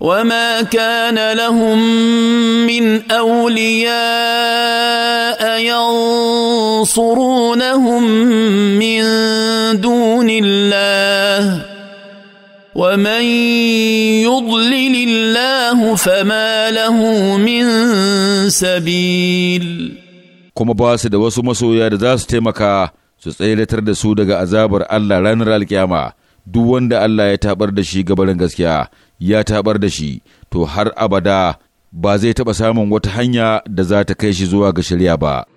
وما كان لهم من اولياء ينصرونهم من دون الله ومن يضلل الله فما له من سبيل kuma ba su da wasu masoya da za su taimaka su tsayar da su daga azabar Allah ranar alkiyama duk wanda Allah ya tabar da shi gabarin gaskiya ya tabar da shi to har abada ba zai taɓa samun wata hanya da za ta kai shi zuwa ga shirya ba.